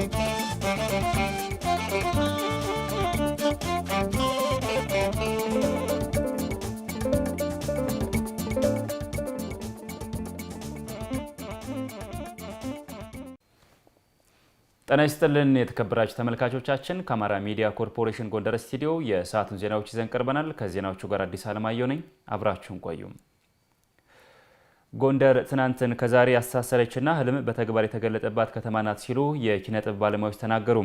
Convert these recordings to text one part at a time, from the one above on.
ጤና ይስጥልን የተከበራችሁ ተመልካቾቻችን፣ ከአማራ ሚዲያ ኮርፖሬሽን ጎንደር ስቱዲዮ የሰዓቱን ዜናዎች ይዘን ቀርበናል። ከዜናዎቹ ጋር አዲስ አለማየሁ ነኝ። አብራችሁን ቆዩም ጎንደር ትናንትን ከዛሬ ያሳሰረችና ህልም በተግባር የተገለጠባት ከተማ ናት ሲሉ የኪነ ጥበብ ባለሙያዎች ተናገሩ።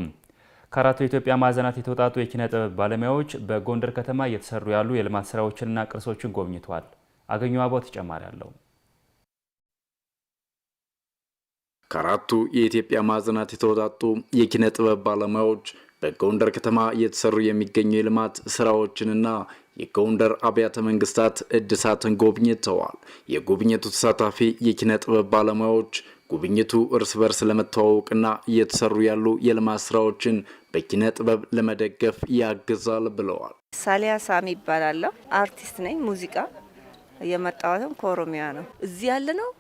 ከአራቱ የኢትዮጵያ ማዕዘናት የተውጣጡ የኪነ ጥበብ ባለሙያዎች በጎንደር ከተማ እየተሰሩ ያሉ የልማት ስራዎችንና ቅርሶችን ጎብኝተዋል። አገኘው አቦ ተጨማሪ አለው። ከአራቱ የኢትዮጵያ ማዕዘናት የተወጣጡ የኪነ ጥበብ ባለሙያዎች በጎንደር ከተማ እየተሰሩ የሚገኙ የልማት ስራዎችንና የጎንደር አብያተ መንግስታት እድሳትን ጎብኝተዋል። የጉብኝቱ ተሳታፊ የኪነ ጥበብ ባለሙያዎች ጉብኝቱ እርስ በርስ ለመተዋወቅና እየተሰሩ ያሉ የልማት ስራዎችን በኪነ ጥበብ ለመደገፍ ያግዛል ብለዋል። ሳሊያ ሳሚ ይባላለሁ። አርቲስት ነኝ። ሙዚቃ የመጣወትም ከኦሮሚያ ነው። እዚህ ያለ ነው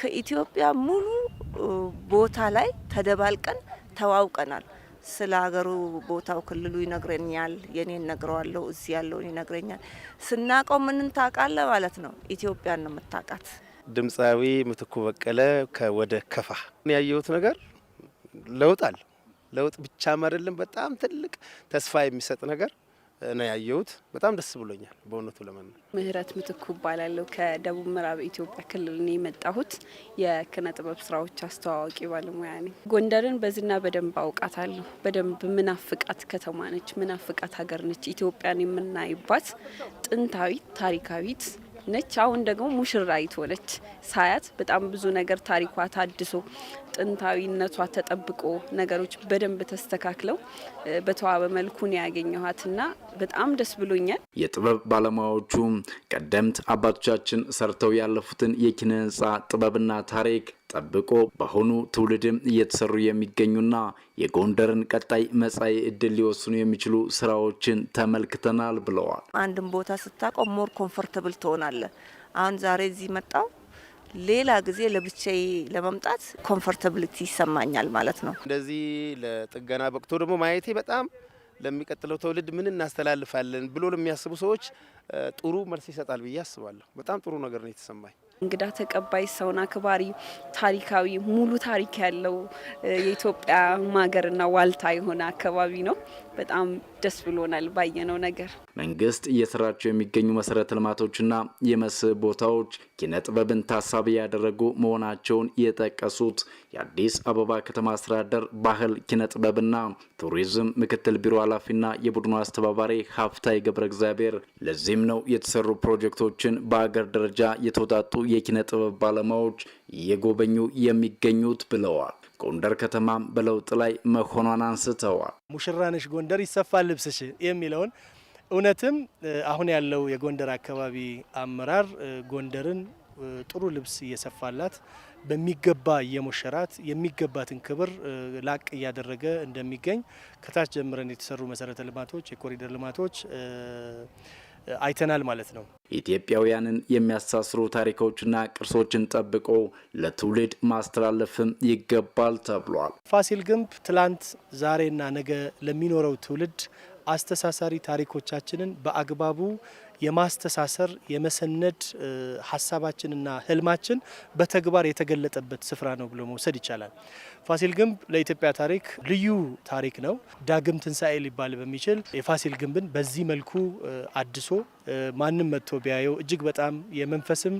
ከኢትዮጵያ ሙሉ ቦታ ላይ ተደባልቀን ተዋውቀናል። ስለ ሀገሩ ቦታው ክልሉ ይነግረኛል፣ የኔን ነግረዋለሁ፣ እዚህ ያለውን ይነግረኛል። ስናቀው ምንን ታቃለ ማለት ነው። ኢትዮጵያን ነው የምታቃት። ድምፃዊ ምትኩ በቀለ ከወደ ከፋ ያየሁት ነገር ለውጥ አለ። ለውጥ ብቻም አይደለም፣ በጣም ትልቅ ተስፋ የሚሰጥ ነገር ነው ያየሁት። በጣም ደስ ብሎኛል በእውነቱ ለመናገር። ምህረት ምትኩ እባላለሁ ከደቡብ ምዕራብ ኢትዮጵያ ክልል ነው የመጣሁት። የኪነ ጥበብ ስራዎች አስተዋዋቂ ባለሙያ ነኝ። ጎንደርን በዝና በደንብ አውቃታለሁ። በደንብ ምናፍቃት ከተማ ነች፣ ምናፍቃት ሀገር ነች። ኢትዮጵያን የምናይባት ጥንታዊት ታሪካዊት ነች። አሁን ደግሞ ሙሽራይት ሆነች። ሳያት በጣም ብዙ ነገር ታሪኳ ታድሶ ጥንታዊነቷ ተጠብቆ ነገሮች በደንብ ተስተካክለው በተዋበ መልኩ ነው ያገኘኋትና በጣም ደስ ብሎኛል። የጥበብ ባለሙያዎቹ ቀደምት አባቶቻችን ሰርተው ያለፉትን የኪነ ህንፃ ጥበብና ታሪክ ጠብቆ በአሁኑ ትውልድም እየተሰሩ የሚገኙና የጎንደርን ቀጣይ መጻኢ እድል ሊወስኑ የሚችሉ ስራዎችን ተመልክተናል ብለዋል። አንድን ቦታ ስታውቀው ሞር ኮምፎርተብል ትሆናለ። አሁን ዛሬ እዚህ መጣው ሌላ ጊዜ ለብቻዬ ለመምጣት ኮምፎርታብሊቲ ይሰማኛል ማለት ነው። እንደዚህ ለጥገና በቅቶ ደግሞ ማየቴ በጣም ለሚቀጥለው ትውልድ ምን እናስተላልፋለን ብሎ ለሚያስቡ ሰዎች ጥሩ መልስ ይሰጣል ብዬ አስባለሁ። በጣም ጥሩ ነገር ነው የተሰማኝ። እንግዳ ተቀባይ፣ ሰውን አክባሪ፣ ታሪካዊ ሙሉ ታሪክ ያለው የኢትዮጵያ ማገርና ዋልታ የሆነ አካባቢ ነው። በጣም ደስ ብሎናል ባየነው ነገር። መንግስት እየሰራቸው የሚገኙ መሰረተ ልማቶችና የመስህብ ቦታዎች ኪነ ጥበብን ታሳቢ ያደረጉ መሆናቸውን የጠቀሱት የአዲስ አበባ ከተማ አስተዳደር ባህል ኪነ ጥበብና ቱሪዝም ምክትል ቢሮ ኃላፊና የቡድኑ አስተባባሪ ሀፍታይ ገብረ እግዚአብሔር ለዚህም ነው የተሰሩ ፕሮጀክቶችን በአገር ደረጃ የተውጣጡ የኪነ ጥበብ ባለሙያዎች እየጎበኙ የሚገኙት ብለዋል። ጎንደር ከተማም በለውጥ ላይ መሆኗን አንስተዋል። ሙሽራነሽ ጎንደር ይሰፋል ልብስሽ የሚለውን እውነትም አሁን ያለው የጎንደር አካባቢ አመራር ጎንደርን ጥሩ ልብስ እየሰፋላት በሚገባ የሞሸራት የሚገባትን ክብር ላቅ እያደረገ እንደሚገኝ ከታች ጀምረን የተሰሩ መሰረተ ልማቶች፣ የኮሪደር ልማቶች አይተናል ማለት ነው። ኢትዮጵያውያንን የሚያሳስሩ ታሪኮችና ቅርሶችን ጠብቆ ለትውልድ ማስተላለፍም ይገባል ተብሏል። ፋሲል ግንብ ትላንት፣ ዛሬና ነገ ለሚኖረው ትውልድ አስተሳሳሪ ታሪኮቻችንን በአግባቡ የማስተሳሰር የመሰነድ ሀሳባችንና ህልማችን በተግባር የተገለጠበት ስፍራ ነው ብሎ መውሰድ ይቻላል። ፋሲል ግንብ ለኢትዮጵያ ታሪክ ልዩ ታሪክ ነው። ዳግም ትንሣኤ ሊባል በሚችል የፋሲል ግንብን በዚህ መልኩ አድሶ ማንም መጥቶ ቢያየው እጅግ በጣም የመንፈስም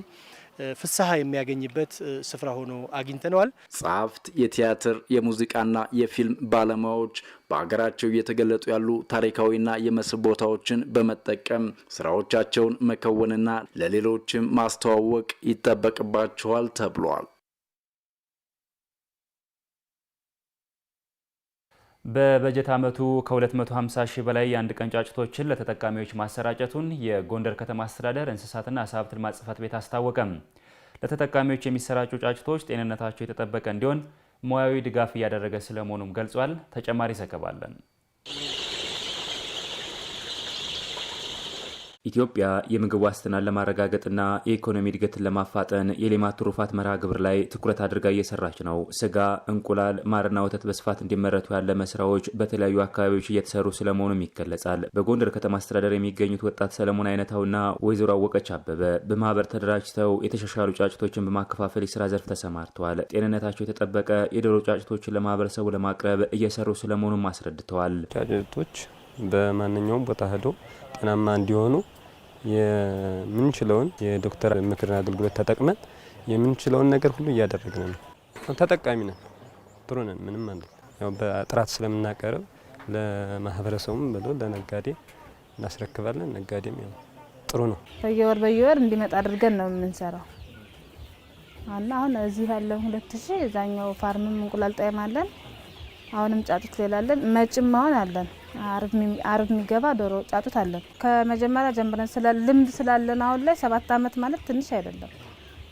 ፍስሐ የሚያገኝበት ስፍራ ሆኖ አግኝተነዋል። ጸሐፍት፣ የቲያትር የሙዚቃና የፊልም ባለሙያዎች በሀገራቸው እየተገለጡ ያሉ ታሪካዊና የመስህብ ቦታዎችን በመጠቀም ስራዎቻቸውን መከወንና ለሌሎችም ማስተዋወቅ ይጠበቅባቸዋል ተብሏል። በበጀት ዓመቱ ከ250 ሺህ በላይ የአንድ ቀን ጫጭቶችን ለተጠቃሚዎች ማሰራጨቱን የጎንደር ከተማ አስተዳደር እንስሳትና ዓሳ ሀብት ልማት ጽሕፈት ቤት አስታወቀም። ለተጠቃሚዎች የሚሰራጩ ጫጭቶች ጤንነታቸው የተጠበቀ እንዲሆን ሙያዊ ድጋፍ እያደረገ ስለመሆኑም ገልጿል። ተጨማሪ ዘገባ አለን። ኢትዮጵያ የምግብ ዋስትናን ለማረጋገጥና የኢኮኖሚ እድገትን ለማፋጠን የሌማት ትሩፋት መርሃ ግብር ላይ ትኩረት አድርጋ እየሰራች ነው። ስጋ፣ እንቁላል፣ ማርና ወተት በስፋት እንዲመረቱ ያለመ ስራዎች በተለያዩ አካባቢዎች እየተሰሩ ስለመሆኑም ይገለጻል። በጎንደር ከተማ አስተዳደር የሚገኙት ወጣት ሰለሞን አይነታውና ወይዘሮ አወቀች አበበ በማህበር ተደራጅተው የተሻሻሉ ጫጭቶችን በማከፋፈል የስራ ዘርፍ ተሰማርተዋል። ጤንነታቸው የተጠበቀ የዶሮ ጫጭቶችን ለማህበረሰቡ ለማቅረብ እየሰሩ ስለመሆኑም አስረድተዋል። ጫጭቶች በማንኛውም ቦታ ሄዶ ጤናማ እንዲሆኑ የምንችለውን የዶክተር ምክርና አገልግሎት ተጠቅመን የምንችለውን ነገር ሁሉ እያደረግን ነው። ተጠቃሚ ነን፣ ጥሩ ነን። ምንም አለ ያው በጥራት ስለምናቀርብ ለማህበረሰቡም ብሎ ለነጋዴ እናስረክባለን። ነጋዴም ያው ጥሩ ነው። በየወር በየወር እንዲመጣ አድርገን ነው የምንሰራው እና አሁን እዚህ ያለን ሁለት ሺህ እዛኛው ፋርምም እንቁላል ጣይም አለን። አሁንም ጫጩት ሌላለን መጭም አሁን አለን አርብ የሚገባ ዶሮ ጫጩት አለን። ከመጀመሪያ ጀምረን ልምድ ስላለን አሁን ላይ ሰባት ዓመት ማለት ትንሽ አይደለም።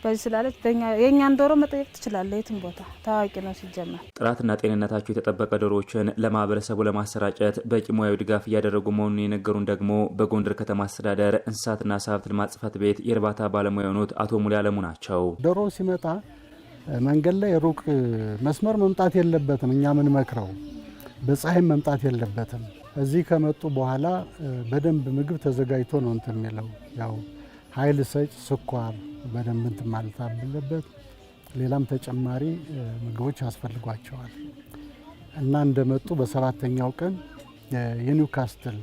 በዚህ ስላለች የእኛን ዶሮ መጠየቅ ትችላለ። የትም ቦታ ታዋቂ ነው ሲጀመር። ጥራትና ጤንነታቸው የተጠበቀ ዶሮዎችን ለማህበረሰቡ ለማሰራጨት በቂ ሙያዊ ድጋፍ እያደረጉ መሆኑን የነገሩን ደግሞ በጎንደር ከተማ አስተዳደር እንስሳትና ዓሳ ሀብት ልማት ጽሕፈት ቤት የእርባታ ባለሙያ የሆኑት አቶ ሙሌ አለሙ ናቸው። ዶሮ ሲመጣ መንገድ ላይ ሩቅ መስመር መምጣት የለበትም። እኛ ምን መክረው በፀሐይ መምጣት የለበትም። እዚህ ከመጡ በኋላ በደንብ ምግብ ተዘጋጅቶ ነው እንትን የሚለው ያው ኃይል ሰጭ ስኳር በደንብ እንትን ማለት አለበት። ሌላም ተጨማሪ ምግቦች ያስፈልጓቸዋል እና እንደመጡ በሰባተኛው ቀን የኒውካስትል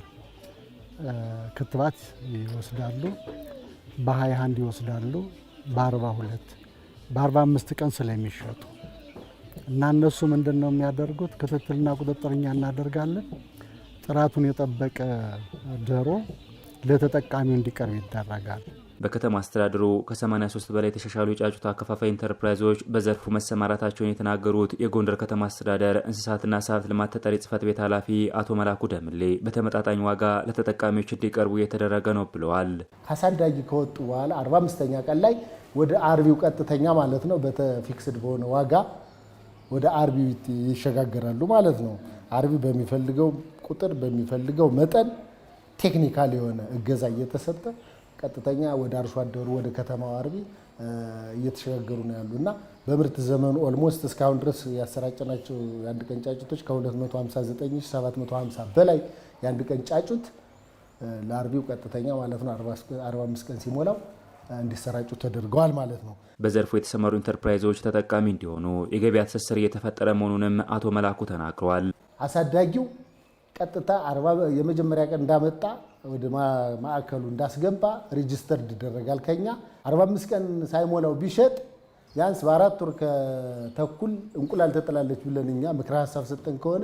ክትባት ይወስዳሉ። በ21 ይወስዳሉ። በ42 በ45 ቀን ስለሚሸጡ እና እነሱ ምንድን ነው የሚያደርጉት? ክትትልና ቁጥጥር እኛ እናደርጋለን። ጥራቱን የጠበቀ ዶሮ ለተጠቃሚው እንዲቀርብ ይደረጋል። በከተማ አስተዳደሩ ከ83 በላይ የተሻሻሉ የጫጩት አከፋፋይ ኢንተርፕራይዞች በዘርፉ መሰማራታቸውን የተናገሩት የጎንደር ከተማ አስተዳደር እንስሳትና ዓሳ ልማት ተጠሪ ጽፈት ቤት ኃላፊ አቶ መላኩ ደምሌ በተመጣጣኝ ዋጋ ለተጠቃሚዎች እንዲቀርቡ እየተደረገ ነው ብለዋል። ካሳዳጊ ከወጡ በኋላ 45ኛ ቀን ላይ ወደ አርቢው ቀጥተኛ ማለት ነው በተፊክስድ በሆነ ዋጋ ወደ አርቢ ይሸጋገራሉ ማለት ነው። አርቢ በሚፈልገው ቁጥር በሚፈልገው መጠን ቴክኒካል የሆነ እገዛ እየተሰጠ ቀጥተኛ ወደ አርሶ አደሩ ወደ ከተማው አርቢ እየተሸጋገሩ ነው ያሉ እና በምርት ዘመኑ ኦልሞስት እስካሁን ድረስ ያሰራጨናቸው የአንድ ቀን ጫጩቶች ከ259750 በላይ የአንድ ቀን ጫጩት ለአርቢው ቀጥተኛ ማለት ነው 45 ቀን ሲሞላው እንዲሰራጩ ተደርገዋል ማለት ነው። በዘርፉ የተሰማሩ ኢንተርፕራይዞች ተጠቃሚ እንዲሆኑ የገበያ ትስስር እየተፈጠረ መሆኑንም አቶ መላኩ ተናግረዋል። አሳዳጊው ቀጥታ አርባ የመጀመሪያ ቀን እንዳመጣ ወደ ማዕከሉ እንዳስገባ ሬጅስተር ይደረጋል። ከኛ 45 ቀን ሳይሞላው ቢሸጥ ቢያንስ በአራት ወር ከተኩል እንቁላል ተጥላለች ብለን እኛ ምክረ ሀሳብ ሰጠን ከሆነ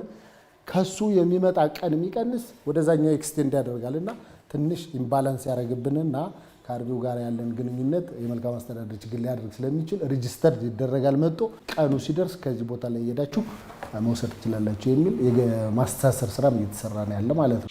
ከሱ የሚመጣ ቀን የሚቀንስ ወደዛኛው ኤክስቴንድ ያደርጋል እና ትንሽ ኢምባላንስ ያደረግብንና ከአርቢው ጋር ያለን ግንኙነት የመልካም አስተዳደር ችግር ሊያደርግ ስለሚችል ሬጅስተር ይደረጋል። መጥቶ ቀኑ ሲደርስ ከዚህ ቦታ ላይ እየሄዳችሁ መውሰድ ትችላላችሁ የሚል የማስተሳሰር ስራም እየተሰራ ነው ያለ ማለት ነው።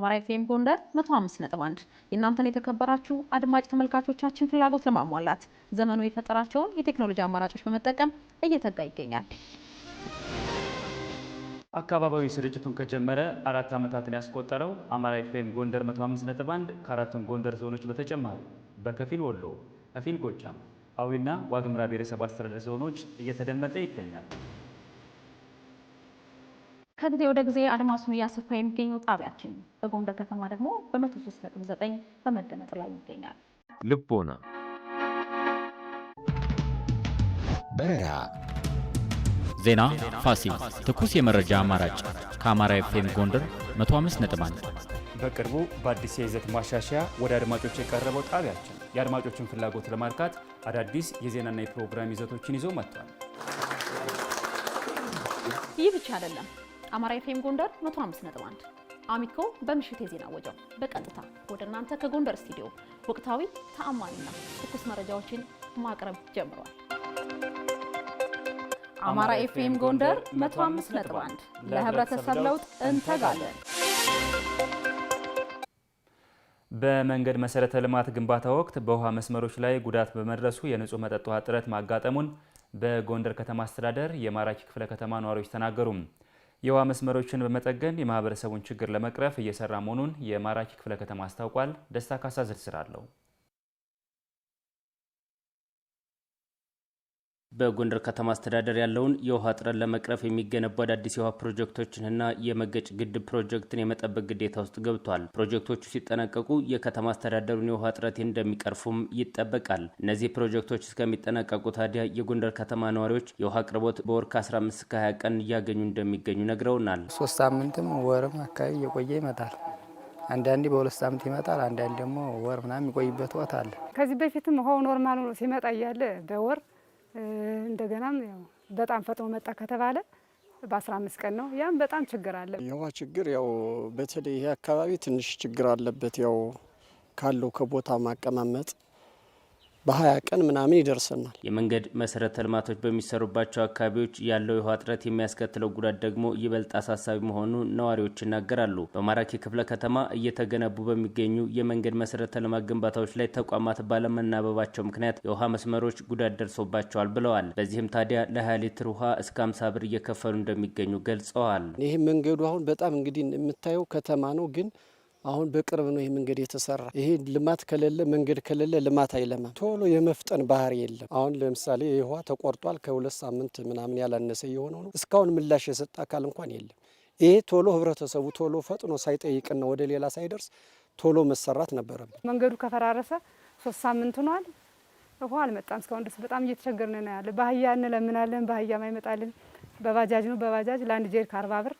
አማራ ኤፍኤም ጎንደር 105.1 የእናንተን የተከበራችሁ አድማጭ ተመልካቾቻችን ፍላጎት ለማሟላት ዘመኑ የፈጠራቸውን የቴክኖሎጂ አማራጮች በመጠቀም እየተጋ ይገኛል። አካባቢያዊ ስርጭቱን ከጀመረ አራት ዓመታትን ያስቆጠረው አማራ ኤፍኤም ጎንደር 105.1 ከአራቱም ጎንደር ዞኖች በተጨማሪ በከፊል ወሎ፣ ከፊል ጎጃም፣ አዊና ዋግምራ ብሔረሰብ አስተዳደር ዞኖች እየተደመጠ ይገኛል። ከጊዜ ወደ ጊዜ አድማሱን እያሰፋ የሚገኘው ጣቢያችን በጎንደር ከተማ ደግሞ በመቶ ሶስት ነጥብ ዘጠኝ በመደመጥ ላይ ይገኛል። ልቦና፣ በረራ፣ ዜና ፋሲል ትኩስ የመረጃ አማራጭ ከአማራ ኤፍኤም ጎንደር 1 በቅርቡ በአዲስ የይዘት ማሻሻያ ወደ አድማጮች የቀረበው ጣቢያችን የአድማጮችን ፍላጎት ለማርካት አዳዲስ የዜናና የፕሮግራም ይዘቶችን ይዞ መጥቷል። ይህ ብቻ አይደለም። አማራ ኤፍኤም ጎንደር 151 አሚኮ በምሽት የዜና ወጃው በቀጥታ ወደ እናንተ ከጎንደር ስቱዲዮ ወቅታዊ ተአማኒና ትኩስ መረጃዎችን ማቅረብ ጀምሯል። አማራ ኤፍኤም ጎንደር 151 ለህብረተሰብ ለውጥ እንተጋለን። በመንገድ መሰረተ ልማት ግንባታ ወቅት በውሃ መስመሮች ላይ ጉዳት በመድረሱ የንጹህ መጠጥ ውሃ እጥረት ማጋጠሙን በጎንደር ከተማ አስተዳደር የማራኪ ክፍለ ከተማ ነዋሪዎች ተናገሩ። የውሃ መስመሮችን በመጠገን የማህበረሰቡን ችግር ለመቅረፍ እየሰራ መሆኑን የማራኪ ክፍለ ከተማ አስታውቋል። ደስታ ካሳ ዝርዝር አለው። በጎንደር ከተማ አስተዳደር ያለውን የውሃ እጥረት ለመቅረፍ የሚገነቡ አዳዲስ የውሃ ፕሮጀክቶችንና የመገጭ ግድብ ፕሮጀክትን የመጠበቅ ግዴታ ውስጥ ገብቷል። ፕሮጀክቶቹ ሲጠናቀቁ የከተማ አስተዳደሩን የውሃ እጥረት እንደሚቀርፉም ይጠበቃል። እነዚህ ፕሮጀክቶች እስከሚጠናቀቁ ታዲያ የጎንደር ከተማ ነዋሪዎች የውሃ አቅርቦት በወር ከ15 እስከ 20 ቀን እያገኙ እንደሚገኙ ነግረውናል። ሶስት ሳምንትም ወርም አካባቢ እየቆየ ይመጣል። አንዳንዴ በሁለት ሳምንት ይመጣል። አንዳንድ ደግሞ ወር ምናምን የሚቆይበት ወት አለ። ከዚህ በፊትም ውሃው ኖርማል ሲመጣ እያለ በወር እንደገናም ያው በጣም ፈጥኖ መጣ ከተባለ በ15 ቀን ነው። ያም በጣም ችግር አለ። የውሃ ችግር ያው በተለይ ይሄ አካባቢ ትንሽ ችግር አለበት። ያው ካለው ከቦታ ማቀማመጥ በሀያ ቀን ምናምን ይደርሰናል የመንገድ መሰረተ ልማቶች በሚሰሩባቸው አካባቢዎች ያለው የውሃ እጥረት የሚያስከትለው ጉዳት ደግሞ ይበልጥ አሳሳቢ መሆኑን ነዋሪዎች ይናገራሉ። በማራኪ ክፍለ ከተማ እየተገነቡ በሚገኙ የመንገድ መሰረተ ልማት ግንባታዎች ላይ ተቋማት ባለመናበባቸው ምክንያት የውሃ መስመሮች ጉዳት ደርሶባቸዋል ብለዋል። በዚህም ታዲያ ለ20 ሊትር ውሃ እስከ 50 ብር እየከፈሉ እንደሚገኙ ገልጸዋል። ይህ መንገዱ አሁን በጣም እንግዲህ የምታየው ከተማ ነው ግን አሁን በቅርብ ነው ይህ መንገድ የተሰራ። ይሄ ልማት ከሌለ መንገድ ከሌለ ልማት አይለማም። ቶሎ የመፍጠን ባህሪ የለም። አሁን ለምሳሌ ይህ ውሃ ተቆርጧል። ከሁለት ሳምንት ምናምን ያላነሰ የሆነው ነው። እስካሁን ምላሽ የሰጠ አካል እንኳን የለም። ይሄ ቶሎ ህብረተሰቡ ቶሎ ፈጥኖ ሳይጠይቅና ወደ ሌላ ሳይደርስ ቶሎ መሰራት ነበረበት። መንገዱ ከፈራረሰ ሶስት ሳምንት ሆኗል። ውሃ አልመጣም እስካሁን ድረስ። በጣም እየተቸገርን ነው ያለ። ባህያ እንለምናለን፣ ባህያም አይመጣልን። በባጃጅ ነው በባጃጅ ለአንድ ጄሪካ አርባ ብር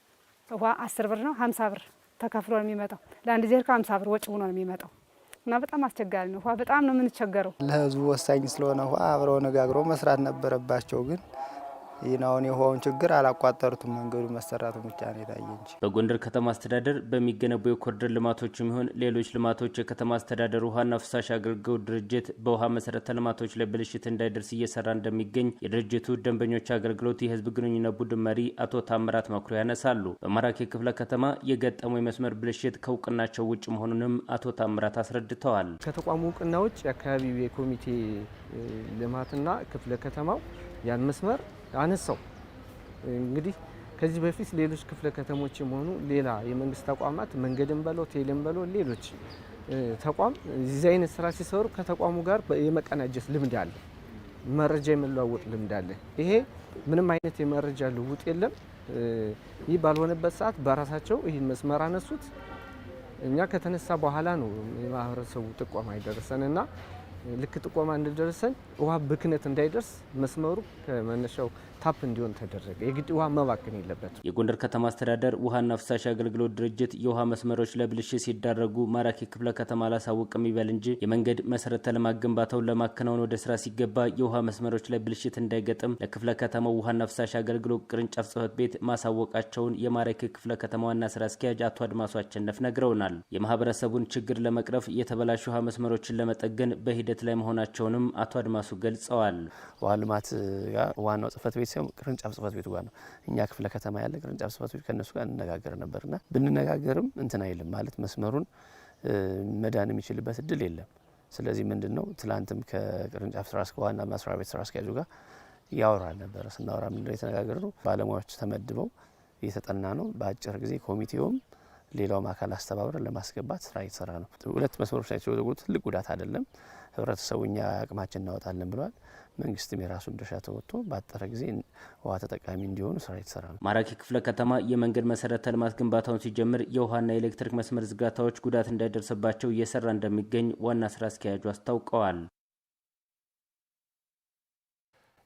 ውሃ አስር ብር ነው ሀምሳ ብር ተከፍሎ ነው የሚመጣው። ለአንድ ዜርካ አምሳ ብር ወጪ ሆኖ ነው የሚመጣው እና በጣም አስቸጋሪ ነው። ውሃ በጣም ነው የምንቸገረው። ለህዝቡ ወሳኝ ስለሆነ ውሃ አብረው ነጋግሮ መስራት ነበረባቸው ግን ይህናውን የውሃውን ችግር አላቋጠሩትም። መንገዱ መሰራቱ ብቻ ነው የታየ እንጂ። በጎንደር ከተማ አስተዳደር በሚገነቡ የኮሪደር ልማቶች የሚሆን ሌሎች ልማቶች የከተማ አስተዳደር ውሃና ፍሳሽ አገልግሎት ድርጅት በውሃ መሰረተ ልማቶች ላይ ብልሽት እንዳይደርስ እየሰራ እንደሚገኝ የድርጅቱ ደንበኞች አገልግሎት የህዝብ ግንኙነት ቡድን መሪ አቶ ታምራት መኩሪያ ያነሳሉ። በማራኪ ክፍለ ከተማ የገጠሙ የመስመር ብልሽት ከእውቅናቸው ውጭ መሆኑንም አቶ ታምራት አስረድተዋል። ከተቋሙ እውቅና ውጭ የአካባቢው የኮሚቴ ልማትና ክፍለ ከተማው ያን መስመር አነሳው። እንግዲህ ከዚህ በፊት ሌሎች ክፍለ ከተሞች የሆኑ ሌላ የመንግስት ተቋማት መንገድን በለው ቴሌን በለው ሌሎች ተቋም እዚህ አይነት ስራ ሲሰሩ ከተቋሙ ጋር የመቀናጀት ልምድ አለ፣ መረጃ የመለዋወጥ ልምድ አለ። ይሄ ምንም አይነት የመረጃ ልውጥ የለም። ይህ ባልሆነበት ሰዓት በራሳቸው ይህን መስመር አነሱት። እኛ ከተነሳ በኋላ ነው የማህበረሰቡ ጥቆማ አይደረሰን እና ልክ ጥቆማ እንደደረሰን ውሃ ብክነት እንዳይደርስ መስመሩ ከመነሻው ታፕ እንዲሆን ተደረገ። የግድ ውሃ መባከን የለበትም። የጎንደር ከተማ አስተዳደር ውሃና ፍሳሽ አገልግሎት ድርጅት የውሃ መስመሮች ለብልሽት ሲዳረጉ ማራኪ ክፍለ ከተማ አላሳወቅም ይበል እንጂ የመንገድ መሰረተ ልማት ግንባታውን ለማከናወን ወደ ስራ ሲገባ የውሃ መስመሮች ላይ ብልሽት እንዳይገጥም ለክፍለ ከተማው ውሃና ፍሳሽ አገልግሎት ቅርንጫፍ ጽህፈት ቤት ማሳወቃቸውን የማራኪ ክፍለ ከተማ ዋና ስራ አስኪያጅ አቶ አድማሱ አቸነፍ ነግረውናል። የማህበረሰቡን ችግር ለመቅረፍ የተበላሽ ውሃ መስመሮችን ለመጠገን በሂደት ላይ መሆናቸውንም አቶ አድማሱ ገልጸዋል። ውሃ ልማት ጋር ዋናው ጽህፈት ቤት ቤት ሳይሆን ቅርንጫፍ ጽህፈት ቤቱ ጋር ነው። እኛ ክፍለ ከተማ ያለ ቅርንጫፍ ጽህፈት ቤት ከእነሱ ጋር እንነጋገር ነበር ነበርና ብንነጋገርም እንትን አይልም ማለት መስመሩን መዳን የሚችልበት እድል የለም። ስለዚህ ምንድን ነው ትላንትም ከቅርንጫፍ ስራ እስከ ዋና መስሪያ ቤት ስራ አስኪያጁ ጋር ያወራ ነበረ። ስናወራ ምንድነው የተነጋገር ነው ባለሙያዎች ተመድበው እየተጠና ነው። በአጭር ጊዜ ኮሚቴውም ሌላውም አካል አስተባብረ ለማስገባት ስራ እየተሰራ ነው። ሁለት መስመሮች ላይ ሲወደጉ ትልቅ ጉዳት አይደለም። ህብረተሰቡ እኛ አቅማችን እናወጣለን ብለዋል። መንግስትም የራሱን ድርሻ ተወጥቶ ባጠረ ጊዜ ውሃ ተጠቃሚ እንዲሆኑ ስራ የተሰራ ነው። ማራኪ ክፍለ ከተማ የመንገድ መሰረተ ልማት ግንባታውን ሲጀምር የውሃና የኤሌክትሪክ መስመር ዝጋታዎች ጉዳት እንዳይደርስባቸው እየሰራ እንደሚገኝ ዋና ስራ አስኪያጁ አስታውቀዋል።